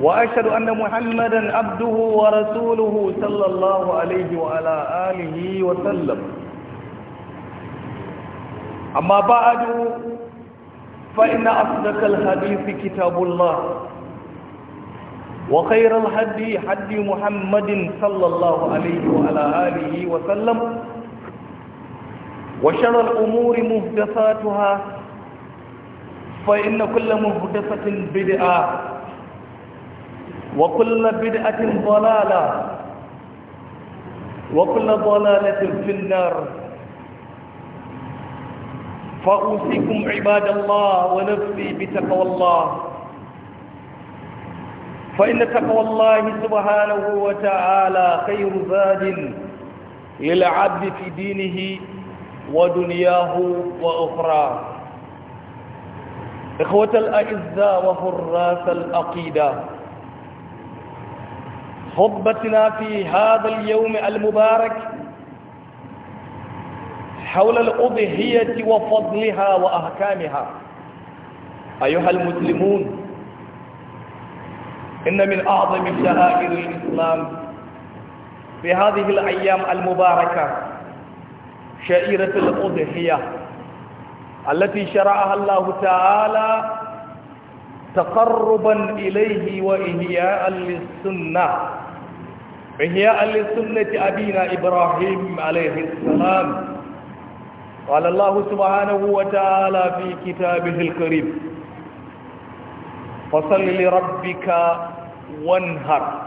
وأشهد أن محمدا عبده ورسوله صلى الله عليه وعلى آله وسلم أما بعد فإن أصدق الحديث كتاب الله وخير الهدي هدي محمد صلى الله عليه وعلى آله وسلم وشر الأمور محدثاتها فإن كل محدثة بدعة وكل بدعة ضلالة وكل ضلالة في النار فأوصيكم عباد الله ونفسي بتقوى الله فإن تقوى الله سبحانه وتعالى خير زاد للعبد في دينه ودنياه وأخراه إخوة الأعزاء وحراس العقيده خطبتنا في هذا اليوم المبارك حول الأضحية وفضلها وأحكامها أيها المسلمون إن من أعظم شعائر الإسلام في هذه الأيام المباركة شعيرة الأضحية التي شرعها الله تعالى تقربا إليه وإهياء للسنة إهياء للسنة أبينا إبراهيم عليه السلام قال الله سبحانه وتعالى في كتابه الكريم فصل لربك وانهر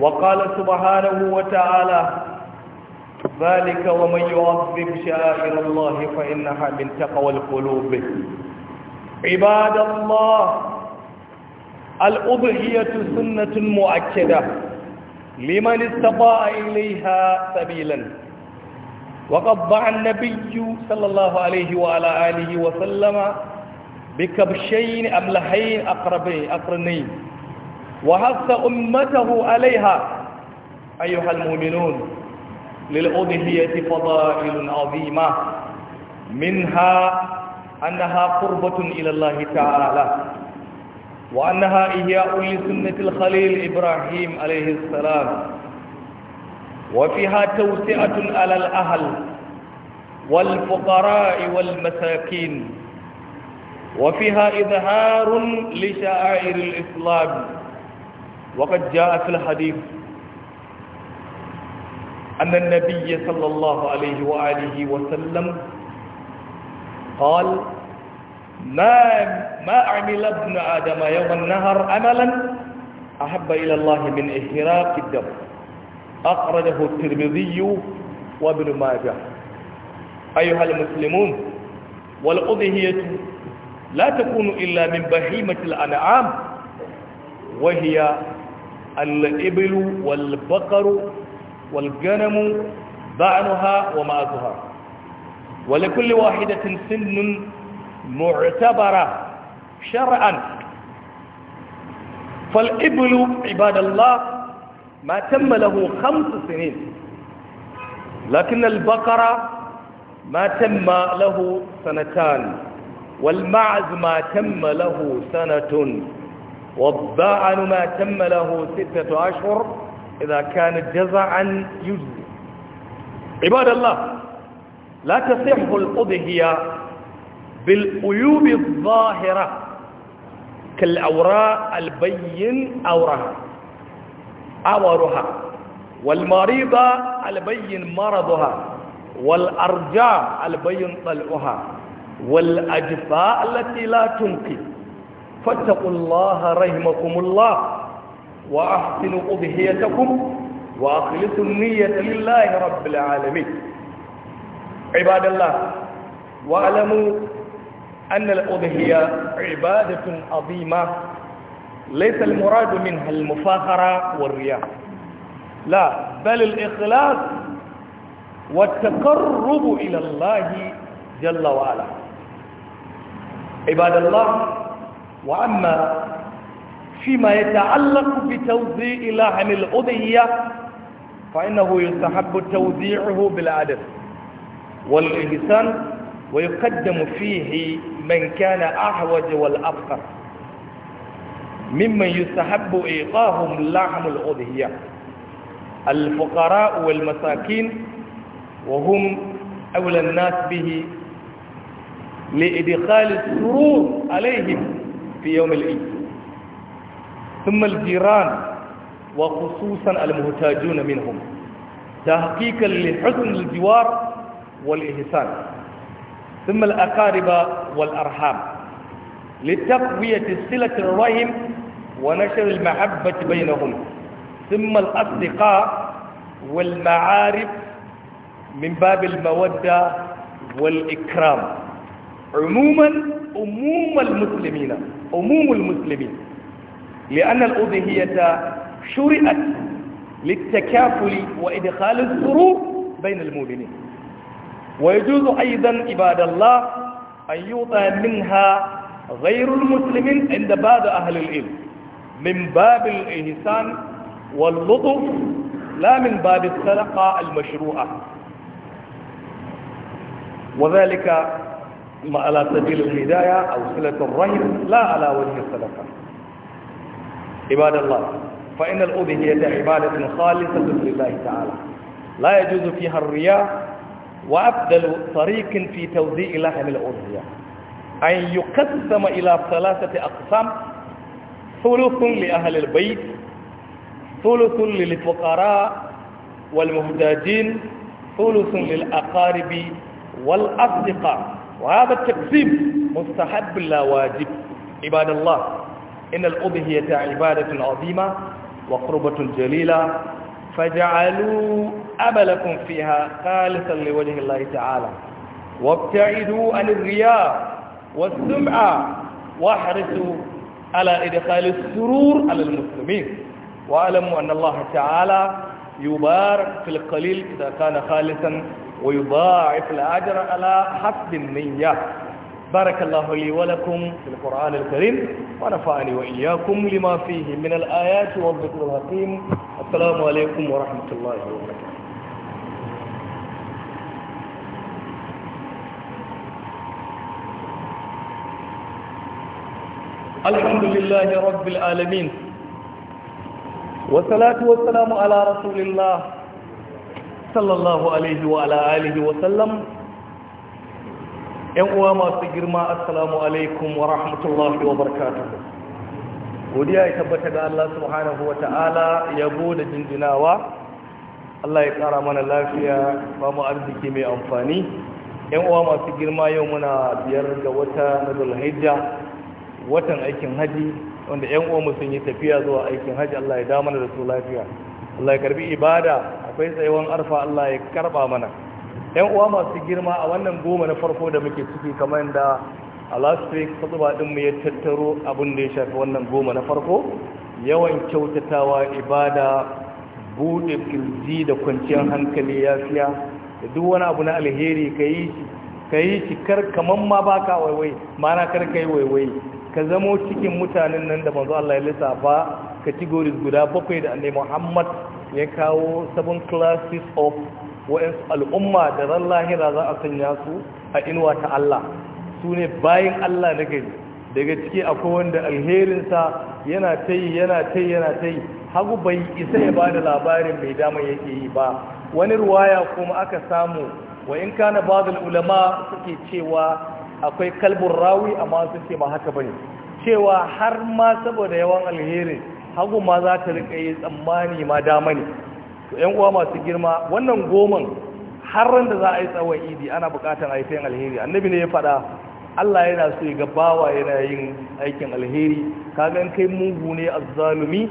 وقال سبحانه وتعالى ذلك ومن يعظم شائر الله فإنها من تقوى القلوب عباد الله الأضحية سنة مؤكدة لمن استطاع إليها سبيلا وقد ضع النبي صلى الله عليه وعلى آله وسلم بكبشين أملحين أقربين أقرنين وحث أمته عليها أيها المؤمنون للأضحية فضائل عظيمة منها أنها قربة إلى الله تعالى وأنها إهياء لسنة الخليل إبراهيم عليه السلام وفيها توسعة على الأهل والفقراء والمساكين وفيها إظهار لشعائر الإسلام وقد جاء في الحديث أن النبي صلى الله عليه وآله وسلم قال ما ما عمل ابن آدم يوم النهر أملا أحب إلى الله من إهراق الدم أخرجه الترمذي وابن ماجه أيها المسلمون والأضحية لا تكون إلا من بهيمة الأنعام وهي الإبل والبقر والغنم ضعنها ومازها ولكل واحدة سن معتبرة شرعا فالإبل عباد الله ما تم له خمس سنين لكن البقرة ما تم له سنتان والمعز ما تم له سنة والضاعن ما تم له ستة أشهر إذا كان جزعا يجزي عباد الله لا تصح الأضهية بالأيوب الظاهرة كالأوراء البين أورها أورها والمريضة البين مرضها والأرجاء البين طلعها والأجفاء التي لا تنقي فاتقوا الله رحمكم الله وأحسنوا أضهيتكم وأخلصوا النية لله رب العالمين عباد الله واعلموا أن الأضحية عبادة عظيمة ليس المراد منها المفاخرة والرياء لا بل الإخلاص والتقرب إلى الله جل وعلا عباد الله وأما فيما يتعلق بتوزيع لحم الأضحية فإنه يستحب توزيعه بالعدد والإحسان ويقدم فيه من كان أعوج والأفقر ممن يستحب إيقاهم لحم الأضحية الفقراء والمساكين وهم أولى الناس به لإدخال السرور عليهم في يوم العيد ثم الجيران وخصوصا المحتاجون منهم تحقيقا لحسن الجوار والإحسان ثم الأقارب والأرحام لتقوية صلة الرحم ونشر المحبة بينهم ثم الأصدقاء والمعارف من باب المودة والإكرام عموما أموم المسلمين أموم المسلمين لأن الأضحية شرئت للتكافل وإدخال الظروف بين المؤمنين ويجوز أيضا عباد الله أن يوطى منها غير المسلمين عند بعض أهل العلم من باب الإحسان واللطف لا من باب السرقة المشروعة وذلك ما على سبيل الهداية أو صلة الرحم لا على وجه الصدقة عباد الله فإن الأضحية عبادة خالصة لله تعالى لا يجوز فيها الرياء وأفضل طريق في توزيع لحم الأضحية أن يقسم إلى ثلاثة أقسام ثلث لأهل البيت ثلث للفقراء والمهتاجين ثلث للأقارب والأصدقاء وهذا التقسيم مستحب لا واجب عباد الله إن الأضحية عبادة عظيمة وقربة جليلة فجعلوا أبلكم لكم فيها خالصا لوجه الله تعالى وابتعدوا عن الرياء والسمعة واحرصوا على إدخال السرور على المسلمين واعلموا أن الله تعالى يبارك في القليل إذا كان خالصا ويضاعف الأجر على حسب النية بارك الله لي ولكم في القرآن الكريم ونفعني وإياكم لما فيه من الآيات والذكر الحكيم السلام عليكم ورحمة الله وبركاته الحمد لله رب العالمين والصلاة والسلام على رسول الله صلى الله عليه وعلى آله وسلم ينقوى ما سجرما السلام عليكم ورحمة الله وبركاته godiya ya tabbata ga Allah subhanahu wa ta'ala yabo da jinjinawa Allah ya kara mana lafiya ba mu arziki mai amfani yan uwa masu girma yau muna biyar ga wata na zulhijja watan aikin haji wanda yan uwanmu sun yi tafiya zuwa aikin haji Allah ya damana da su lafiya Allah ya karbi ibada akwai tsayuwan arfa Allah ya karba mana yan uwa masu girma a wannan goma na farko da muke ciki kamar da a last week fatuba din mu ya tattaro abin da ya shafi wannan goma na farko yawan kyautatawa ibada bude kirji da kwanciyar hankali ya siya. da duk wani abu na alheri ka yi kar kaman ma baka waiwai mana kar ka yi waiwai ka zamo cikin mutanen nan da manzo Allah ya lissafa categories guda bakwai da annabi Muhammad ya kawo seven classes of wa'ins al'umma da ran lahira za a sanya su a inuwa ta Allah su ne bayan Allah na gari daga ciki akwai wanda alherinsa yana ta yi yana ta yana ta hagu bai isa ya ba labarin mai dama yake yi ba wani ruwaya kuma aka samu wa in kana badal ulama suke cewa akwai kalbun rawi amma sun ce ba haka bane cewa har ma saboda yawan alheri hagu ma za ta rika yi tsammani ma dama ne to yan uwa masu girma wannan goman har da za a yi tsawon idi ana bukatar aikin alheri annabi ne ya faɗa Allah yana so ya ga bawa yana yin aikin alheri kaga in kai mugu ne a zalumi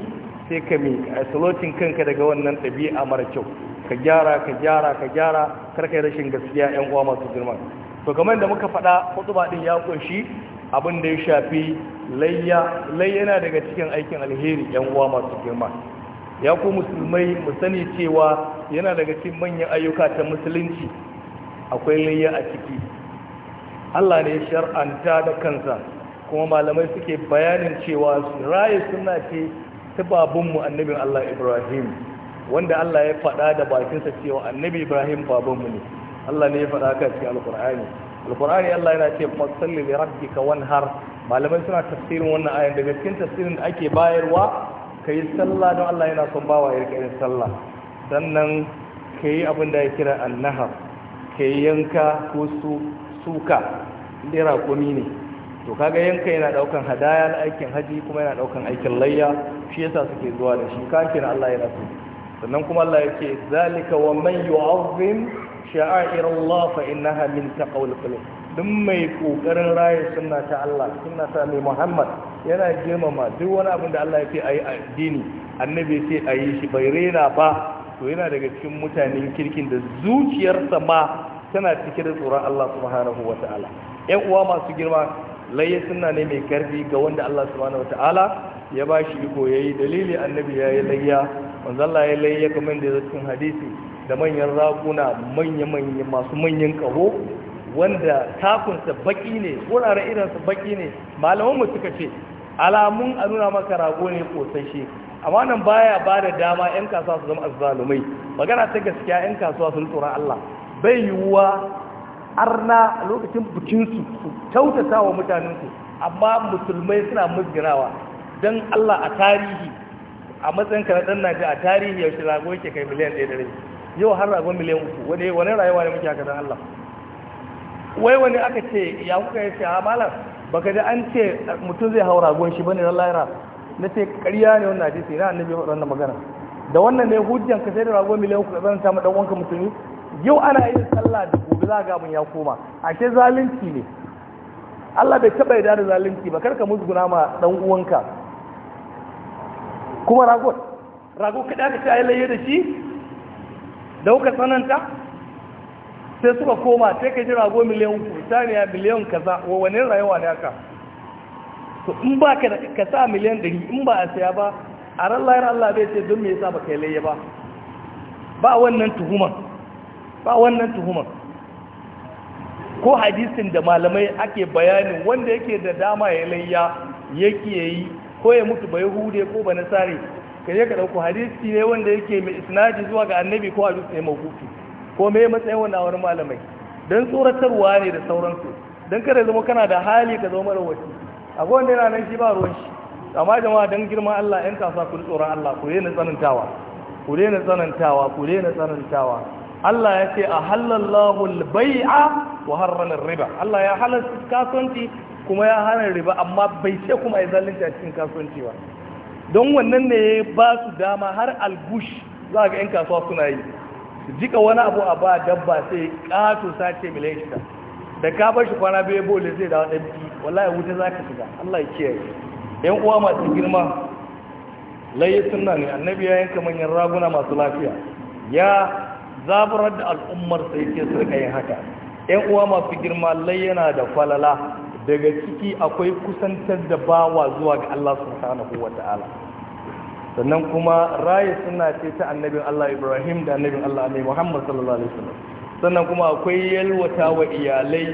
sai ka mi isolating kanka daga wannan ɗabi'a mara kyau ka gyara ka gyara ka gyara karka rashin gaskiya yan uwa masu girma to kamar da muka faɗa hutuba din ya ƙunshi abin da ya shafi layya layyana daga cikin aikin alheri yan uwa masu girma ya ku musulmai mu sani cewa yana daga cikin manyan ayyuka ta musulunci akwai layya a ciki Allah ne shar'anta da kansa kuma malamai suke bayanin cewa raye suna ce ta babunmu annabin Allah Ibrahim wanda Allah ya faɗa da bakinsa cewa annabi Ibrahim babanmu ne Allah ne ya faɗa ka cikin alkur'ani alkur'ani Allah yana ce fasalli li rabbika wanhar malamai suna tafsirin wannan ayan daga cikin tafsirin da ake bayarwa kai sallah don Allah yana son bawa ya rika sallah sannan kai abin da ya kira annahar kai yanka ko su suka lira kumi ne to kaga yanka yana daukan hadaya na aikin haji kuma yana daukan aikin layya shi yasa suke zuwa da shi kafin Allah yana so sannan kuma Allah yake zalika wa man yu'azzim sha'a'ir Allah fa innaha min taqwal qulub duk mai kokarin raye sunna ta Allah sunna ta mai Muhammad yana girmama duk wani abin da Allah ya ce ayi addini annabi sai ayi shi bai rena ba to yana daga cikin mutanen kirkin da zuciyarsa ma tana cike da tsoron Allah subhanahu wata'ala ƴan uwa masu girma laye sunna ne mai karfi ga wanda Allah subhanahu wata'ala ya ba shi iko yayi dalili annabi yayi layya manzo Allah ya layya kamar da yake cikin hadisi da manyan raguna manya-manya masu manyan ƙaho wanda takunsa baki ne wuraren irinsa baki ne malamanmu suka ce alamun a nuna maka rago ne kosashe amma nan baya ba da dama 'yan kasuwa su zama azzalumai magana ta gaskiya 'yan kasuwa sun tsoron Allah bai yiwuwa arna lokacin bikinsu su kyautata wa mutanensu amma musulmai suna musginawa don Allah a tarihi a matsayin ka na a tarihi yaushe rago yake kai miliyan ɗaya da rai yau har ragon miliyan uku wani wani rayuwa ne muke haka don Allah wai wani aka ce ya kuka ya ce a malam baka ji an ce mutum zai hau ragon shi bane na Laira na ce ƙarya ne wannan hadisi na annabi wannan magana da wannan ne hujjan ka sai da ragon miliyan uku zan samu dan wanka mutumi yau ana yin sallah da gobe za ga mun ya koma ce zalunci ne Allah bai taba yarda da zalunci ba karka musguna ma dan uwanka kuma ragon rago kada ka ce yi laye da shi da kuka tsananta sai suka koma sai ka jira rago miliyan uku saniya miliyan kaza wa wani rayuwa ne aka to in ba ka ka sa miliyan ɗari in ba a saya ba a ran layar Allah bai ce don me yasa ba kai layya ba ba wannan tuhuma ba wannan tuhuma ko hadisin da malamai ake bayanin wanda yake da dama ya layya yake yi ko ya mutu ba yahude ko ba nasari ka yi ka ɗauko hadisi ne wanda yake mai isnadi zuwa ga annabi ko hadisi ne mawqufi ko mai matsayin wanda wani malamai don tsoratarwa ne da sauransu don kada zama kana da hali ka zama rawaci akwai wanda yana nan shi ba ruwan shi amma jama'a don girma Allah yan kasa ku tsoron Allah ku daina tsanantawa ku daina tsanantawa ku daina tsanantawa Allah ya ce a halallahu al-bai'a wa riba Allah ya halasta kasuwanci kuma ya hana riba amma bai ce kuma ai zalunci a cikin kasuwanci ba don wannan ne ba su dama har albush za ga 'yan kasuwa suna yi jika wani abu a ba dabba sai ƙato sace miliyan shida da ka bar shi kwana biyu bole zai dawo ɗan biyu. wallahi wuta za ka shiga allah ya kiyaye yan uwa masu girma laye suna ne annabi ya yanka manyan raguna masu lafiya ya zaburar da al'ummar sai ke su yin haka yan uwa masu girma layyana yana da falala daga ciki akwai kusantar da bawa zuwa ga allah subhanahu wa ta'ala sannan kuma raya suna ce ta annabin Allah Ibrahim da annabin Allah Annabi Muhammad sallallahu alaihi wasallam sannan kuma akwai yalwata wa iyalai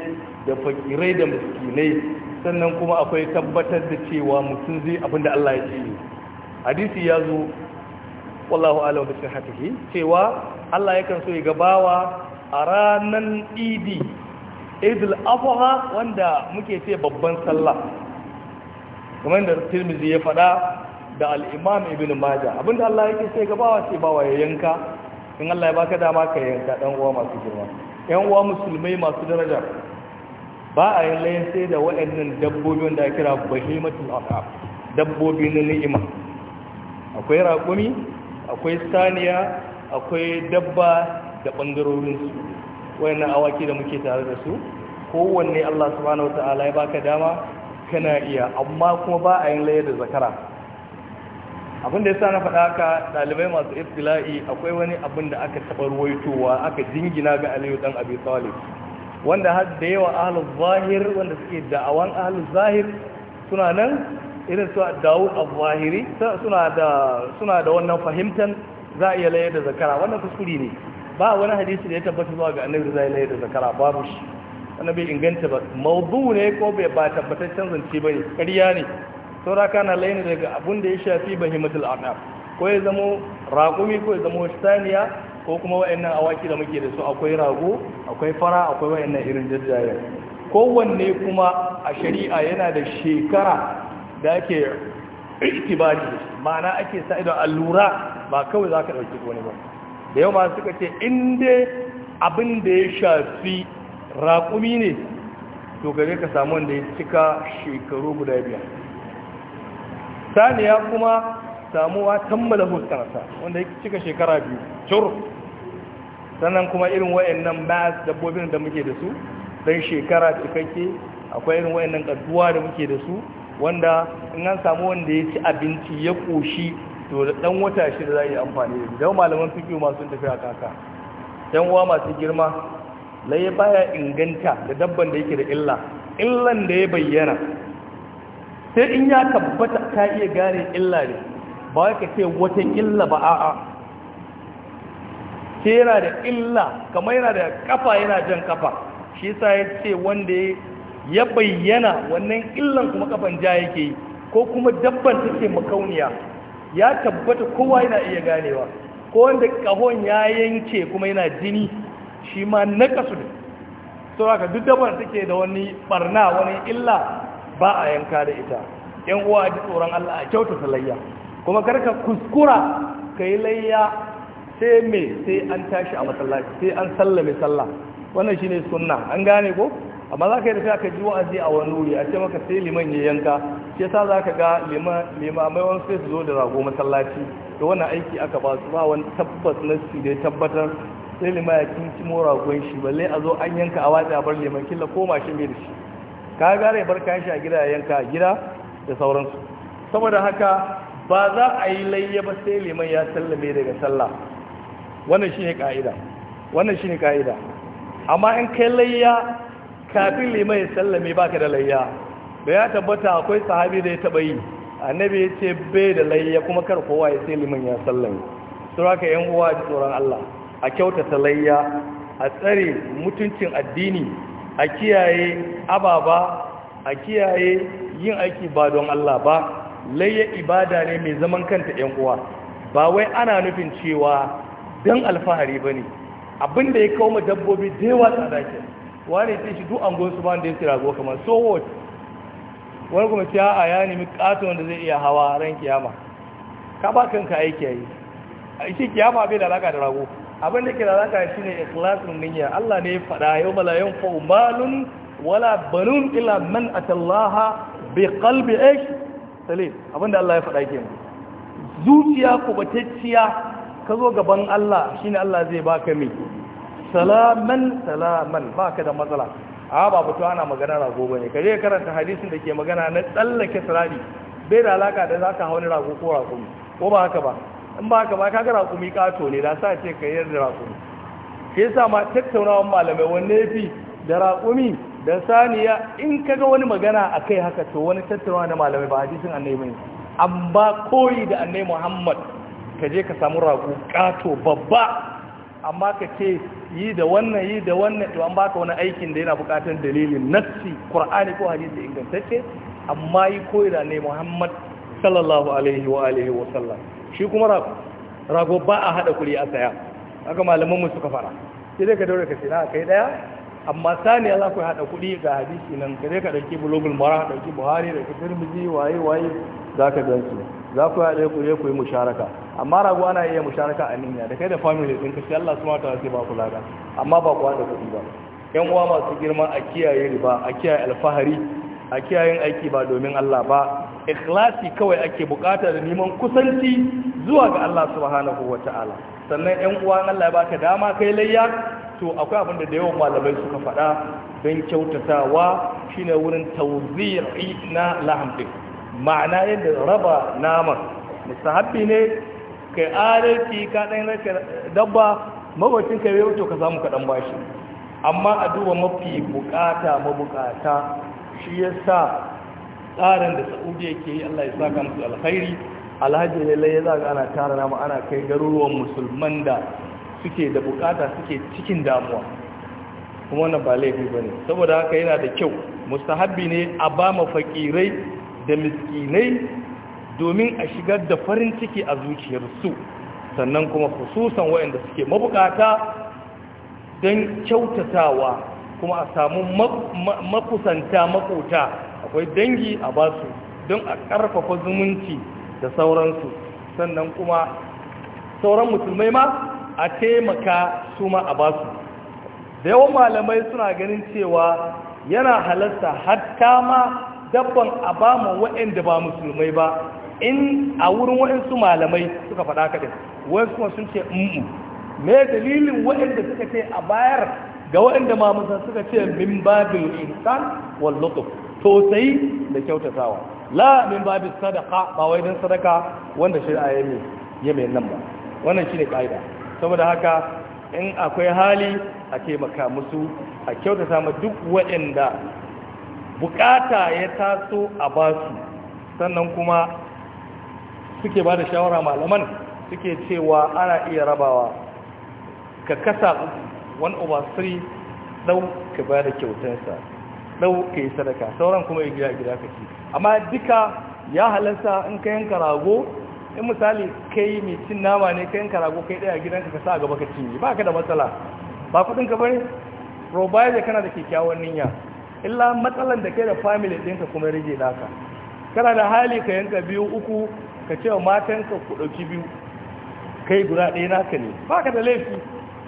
da fakirai da miskinai sannan kuma akwai tabbatar da cewa mutum zai abin da Allah ya ce hadisi ya zo wallahu a'lam bi sihhatihi cewa Allah yakan so ya gabawa a ranan Idi Idul Adha wanda muke ce babban sallah kamar da Tirmidhi ya faɗa da al'imam ibn maja abinda Allah yake sai gabawa sai bawa ya yanka in Allah ya baka dama ka yanka ɗan uwa masu girma ɗan uwa musulmai masu daraja ba a yin layin sai da waɗannan dabbobi wanda ya kira bahimatul an'am dabbobi na ni'ima akwai raƙumi akwai saniya akwai dabba da bangarorin su awaki da muke tare da su kowanne Allah subhanahu ta'ala ya baka dama kana iya amma kuma ba a yin layar da zakara abin da sa na faɗa ka ɗalibai masu ibtila'i akwai wani abin da aka taɓa ruwaitowa aka jingina ga aliyu dan abi talib wanda har da yawa ahlul zahir wanda suke da'awan ahlul zahir suna nan irin su Dawud a zahiri suna da suna da wannan fahimtan za iya layar da zakara wannan kuskure ne ba wani hadisi da ya tabbata zuwa ga annabi zai layar da zakara babu shi bai inganta ba mawdu ne ko bai ba tabbataccen ba ne karya ne saura kana laini daga abun da ya shafi bahimatul anam ko ya zama raƙumi ko ya zamo saniya ko kuma wa'annan awaki da muke da su akwai rago akwai fara akwai wa'annan irin jajjaye kowanne kuma a shari'a yana da shekara da ake iktibari ma'ana ake sa ido allura ba kawai zaka ka ɗauki wani ba da yau ma suka ce inda abin da ya shafi raƙumi ne to gare ka samu wanda ya cika shekaru guda biyar ya kuma samuwa tammala huskarsa wanda ya cika shekara biyu cur sannan kuma irin wayannan bas dabbobin da muke da su dan shekara cikakke akwai irin wayannan kaduwa da muke da su wanda in an samu wanda ya ci abinci ya koshi to da dan wata shida za a yi amfani da shi malaman fiƙi masu tafi a kaka yan uwa masu girma laye baya inganta da dabban da yake da illa illan da ya bayyana sai in ya tabbata ta iya gane illa ne ba wai ka ce wata illa ba a'a ce yana da illa kamar yana da kafa yana jan kafa shi sa ya ce wanda ya bayyana wannan illan kuma kafan ja yake yi ko kuma dabban take makauniya ya tabbata kowa yana iya ganewa ko wanda kahon ya yanke kuma yana jini shi ma nakasu ne saboda duk dabban take da wani barna wani illa ba a yanka da ita yan uwa a ji tsoron Allah a ta layya kuma karka kuskura ka yi layya sai mai sai an tashi a masallaci sai an sallame sallah wannan shi ne sunna an gane ko amma za ka yi tafiya ka ji wa'azi a wani wuri a ce maka sai liman ya yanka shi yasa za ka ga limamai wani sai su zo da rago masallaci da wannan aiki aka ba su ba wani tabbas na su dai tabbatar sai lima ya kinci mora shi balle a zo an yanka a watsa a bar liman killa ko mashin bai da shi ka gara ya bar kayan shi a gida ya yanka a gida da sauransu saboda haka ba za a yi layya ba sai liman ya sallame daga sallah wannan shine ka'ida wannan shine ka'ida amma in kai layya kafin liman ya sallame baka da layya da ya tabbata akwai sahabi da ya taba yi annabi ya ce bai da layya kuma kar kowa ya sai liman ya sallame suraka yan uwa da tsoron Allah a kyautata layya a tsare mutuncin addini a kiyaye ababa a kiyaye yin aiki ba don Allah ba laye ibada ne mai zaman kanta ‘yan uwa ba wai ana nufin cewa don alfahari ba ne abinda ya kawo dabbobi da yawa a ke wani sai shi duk angon su ba da ya rago kamar so what wani kuma ce a ya nemi katon da zai iya hawa ran kiyama ka ba kanka aiki yayi shi kiyama bai da alaka da rago abin da ke da zaka shi ne ikhlasin niyya Allah ne ya faɗa yau mala yan fa'umalun wala banun ila man atallaha bi qalbi ish salim abin da Allah ya faɗa mu zuciya batacciya, ka zo gaban Allah shine Allah zai baka mi salaman salaman baka da matsala a ba fito ana magana rago bane ka je karanta hadisin da ke magana na tsallake sirari bai da alaka da zaka hauni rago ko rago ko ba haka ba in ba haka ba kaga raƙumi ƙato ne da sa ce ka yi da raƙumi shi yasa ma tattaunawa malamai wanne fi da raƙumi da saniya in kaga wani magana a kai haka to wani tattaunawa da malamai ba hadisin mai an amma koyi da annai Muhammad ka je ka samu raƙu ƙato babba amma ka ce yi da wannan yi da wannan to an baka wani aikin da yana buƙatar dalilin nassi qur'ani ko hadisi ingantacce amma yi koyi da ne Muhammad sallallahu alaihi wa alihi wa sallam shi kuma rago ba a haɗa kuri a saya aka malamanmu suka fara sai dai ka daure ka sina kai daya amma saniya za ku haɗa kuɗi ga hadisi nan ka dai ka ɗauki bulogul mara ɗauki buhari da ɗauki turmizi waye waye za ka gan su za ku haɗa kuri ku yi musharaka amma rago ana iya musharaka a niyya da kai da family ɗin ka sai Allah su wa ta'ala sai ba ku lada amma ba ku haɗa kuɗi ba yan uwa masu girma a kiyaye riba a kiyaye alfahari a kiyayen aiki ba domin Allah ba ikhlasi kawai ake bukata da neman kusanci zuwa ga Allah subhanahu ta'ala, sannan yan uwa Allah ya baka dama kai layya to akwai abin da da yawan malamai suka faɗa don kyautatawa shine wurin tawzi'i na lahamdi ma'ana yadda raba nama musahabbi ne kai adalci ka dan raka dabba mabacin kai to ka samu kaɗan bashi amma a duba mafi bukata mabukata shi yasa tsarin da sa'udi yake yi allah ya saka musu alkhairi alhaji lailai ya zaga ana tara nama ana kai garuruwan musulman da suke da bukata suke cikin damuwa kuma wannan ba laifi ba ne saboda haka yana da kyau mustahabbi ne a ba ma fakirai da miskinai domin a shigar da farin ciki a zuciyarsu sannan kuma hususan waɗanda suke mabukata don kyautatawa kuma a samu makusanta makota akwai dangi a ba su don a ƙarfafa zumunci da sauransu sannan kuma sauran musulmai ma a taimaka su ma a su. da yawan malamai suna ganin cewa yana halarta hatta ma dabban a ba ma waɗanda ba musulmai ba in a wurin waɗansu malamai suka faɗa kaɗin wasu kuma sun ce me dalilin waɗanda suka ce a bayar ga waɗanda mamusa suka ce min babin insan wal lutuf sai da kyautatawa la min babin sadaka ba wai don sadaka wanda shi a ya mai nan ba wannan shine ne ƙa'ida saboda haka in akwai hali a ke maka musu a kyautata ma duk waɗanda bukata ya taso a ba su, sannan kuma suke ba da shawara malaman suke cewa ana iya rabawa ka kasa Wani over 3 dau ka ba da kyautarsa dau ka yi sadaka sauran kuma ya gida gida kake amma duka ya halarta in ka yanka rago in misali kai mai cin nama ne ka yanka rago kai daya gidanka ka sa gaba ka cinye ba ka da matsala ba kudin ka bane da kana da kyakkyawan niyya illa matsalan da kai da family ɗinka kuma rage naka kana da hali ka yanka biyu uku ka ce wa matanka ku ɗauki biyu kai guda ɗaya naka ne ba ka da laifi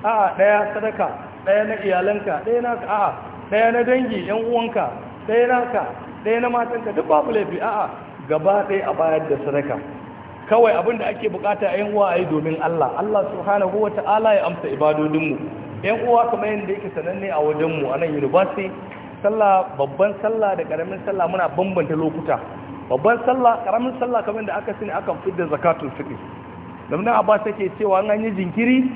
a'a ɗaya sadaka ɗaya na iyalanka ɗaya na a'a ɗaya na dangi yan uwanka ɗaya naka ɗaya na matanka duk babu laifi a'a gaba ɗaya a bayar da sadaka kawai abin da ake bukata ƴan uwa a yi domin Allah Allah subhanahu wa ta'ala ya amsa ibadodinmu Ƴan uwa kamar yadda yake sananne a wajenmu a nan university sallah babban sallah da karamin sallah muna bambanta lokuta babban sallah karamin sallah kamar da aka sani akan fidda zakatul fitr domin Abbas yake cewa an yi jinkiri